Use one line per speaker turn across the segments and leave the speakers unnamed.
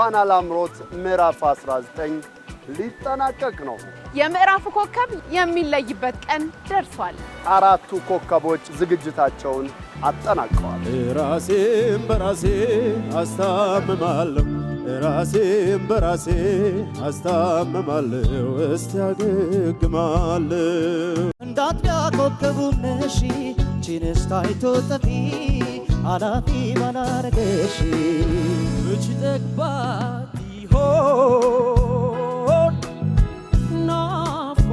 ፋና ላምሮት ምዕራፍ 19 ሊጠናቀቅ ነው።
የምዕራፉ ኮከብ የሚለይበት ቀን ደርሷል።
አራቱ ኮከቦች ዝግጅታቸውን አጠናቀዋል።
ራሴም በራሴ አስታምማለሁ፣ ራሴም በራሴ አስታምማለሁ፣ እስቲ
እንዳጥቢያ ኮከቡ ነሺ ቺንስ ጠፊ ኃላፊ ባላረገሽ
እጅ ጠግባት ይሆን ናፍቆቷን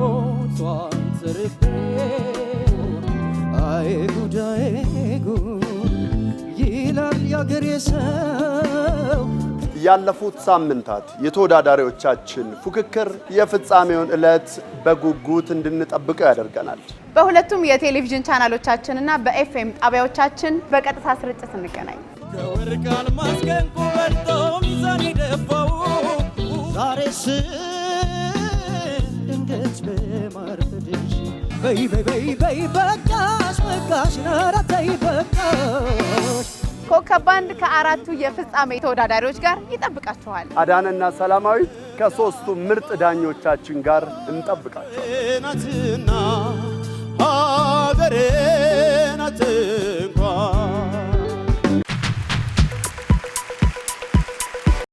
ይላል ያገሬ ሰው
ያለፉት ሳምንታት የተወዳዳሪዎቻችን ፉክክር የፍጻሜውን ዕለት በጉጉት እንድንጠብቀው ያደርገናል።
በሁለቱም የቴሌቪዥን ቻናሎቻችን ቻናሎቻችንና በኤፍኤም ጣቢያዎቻችን በቀጥታ ስርጭት እንገናኝ። ከወርቅ አልማዝ ገንቆ ሚዛን የደፋው ዛሬስ ድንገት በማርፈድሽ በይ በይ በይ በቃሽ በቃሽ ኧረ ተይ በቃ ኮከብ ባንድ ከአራቱ የፍጻሜ ተወዳዳሪዎች ጋር ይጠብቃችኋል።
አዳነና ሰላማዊ ከሶስቱ ምርጥ ዳኞቻችን ጋር እንጠብቃቸዋል።